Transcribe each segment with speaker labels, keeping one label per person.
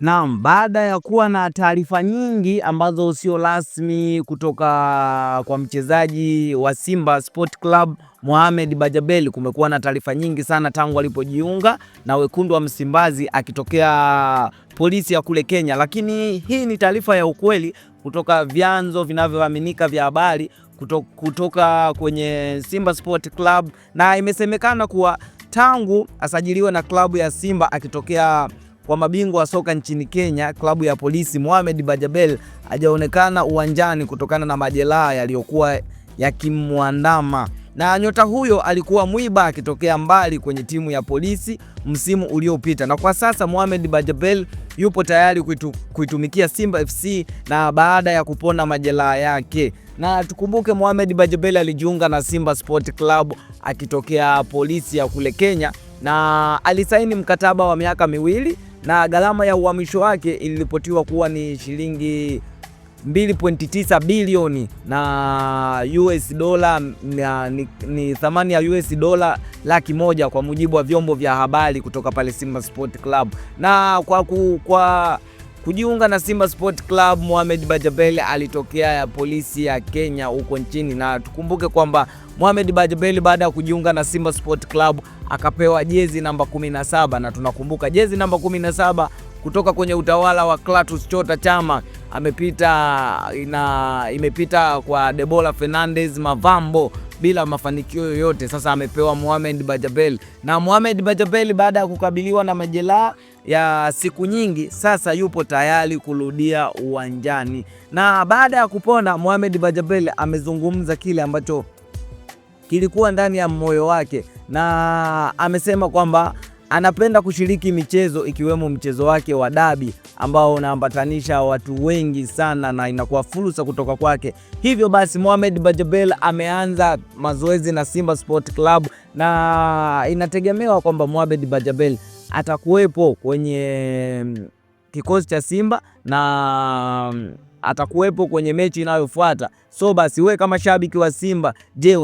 Speaker 1: Naam, baada ya kuwa na taarifa nyingi ambazo sio rasmi kutoka kwa mchezaji wa Simba Sport Club Mohamed Bajabeli, kumekuwa na taarifa nyingi sana tangu alipojiunga na wekundu wa Msimbazi akitokea polisi ya kule Kenya, lakini hii ni taarifa ya ukweli kutoka vyanzo vinavyoaminika vya habari kutoka, kutoka kwenye Simba Sport Club, na imesemekana kuwa tangu asajiliwe na klabu ya Simba akitokea kwa mabingwa wa soka nchini Kenya, klabu ya Polisi, Mohamed Bajabel hajaonekana uwanjani kutokana na majeraha yaliyokuwa yakimwandama na nyota huyo alikuwa mwiba akitokea mbali kwenye timu ya Polisi msimu uliopita, na kwa sasa Mohamed Bajabel yupo tayari kuitu, kuitumikia Simba FC na baada ya kupona majeraha yake. Na tukumbuke Mohamed Bajabel alijiunga na Simba Sport Club akitokea Polisi ya kule Kenya na alisaini mkataba wa miaka miwili na gharama ya uhamisho wake iliripotiwa kuwa ni shilingi 2.9 bilioni na US dola ni, ni thamani ya US dola laki moja kwa mujibu wa vyombo vya habari kutoka pale Simba Sport Club na kwa, ku, kwa Kujiunga na Simba Sport Club, Mohamed Bajabel alitokea ya polisi ya Kenya huko nchini, na tukumbuke kwamba Mohamed Bajabel baada ya kujiunga na Simba Sport Club akapewa jezi namba 17 na tunakumbuka jezi namba 17 kutoka kwenye utawala wa Clatous Chota Chama amepita ina, imepita kwa Debola Fernandez Mavambo bila mafanikio yoyote. Sasa amepewa Mohamed Bajabel na Mohamed Bajabel baada ya kukabiliwa na majeraha ya siku nyingi, sasa yupo tayari kurudia uwanjani, na baada ya kupona Mohamed Bajabel amezungumza kile ambacho kilikuwa ndani ya moyo wake na amesema kwamba Anapenda kushiriki michezo ikiwemo mchezo wake wa dabi ambao unaambatanisha watu wengi sana na inakuwa fursa kutoka kwake. Hivyo basi Mohamed Bajabel ameanza mazoezi na Simba Sport Club na inategemewa kwamba Mohamed Bajabel atakuwepo kwenye kikosi cha Simba na atakuwepo kwenye mechi inayofuata. So basi we kama shabiki wa Simba, je,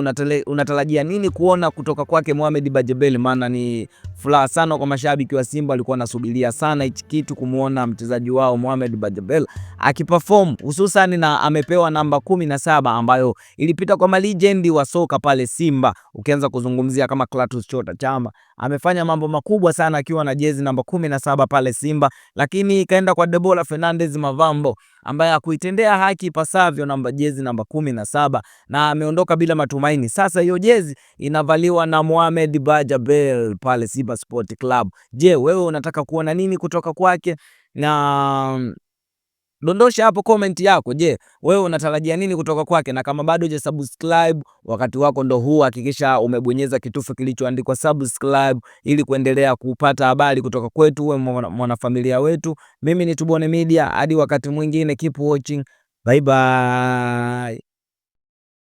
Speaker 1: unatarajia nini kuona kutoka kwake Mohamed Bajebeli? Maana ni furaha sana kwa mashabiki wa Simba, walikuwa nasubiria sana hichi kitu kumuona mchezaji wao Mohamed Bajebeli akiperform, hususan na amepewa namba kumi na saba ambayo ilipita kwa legend wa soka pale Simba, ukianza kuzungumzia kama Clatous Chota Chama amefanya mambo makubwa sana akiwa na jezi namba kumi na saba pale Simba, lakini ikaenda kwa Debola Fernandez Mavambo ambaye akuitendea haki ipasavyo namba jezi namba kumi na saba na ameondoka bila matumaini. Sasa hiyo jezi inavaliwa na Mohamed Bajabel pale Simba Sport Club. Je, wewe unataka kuona nini kutoka kwake na Dondosha hapo comment yako. Je, wewe unatarajia nini kutoka kwake? Na kama bado hujasubscribe, wakati wako ndo huu. Hakikisha umebonyeza kitufe kilichoandikwa subscribe ili kuendelea kupata habari kutoka kwetu, uwe mwanafamilia wetu. Mimi ni Tubone Media, hadi wakati mwingine, keep watching, bye bye.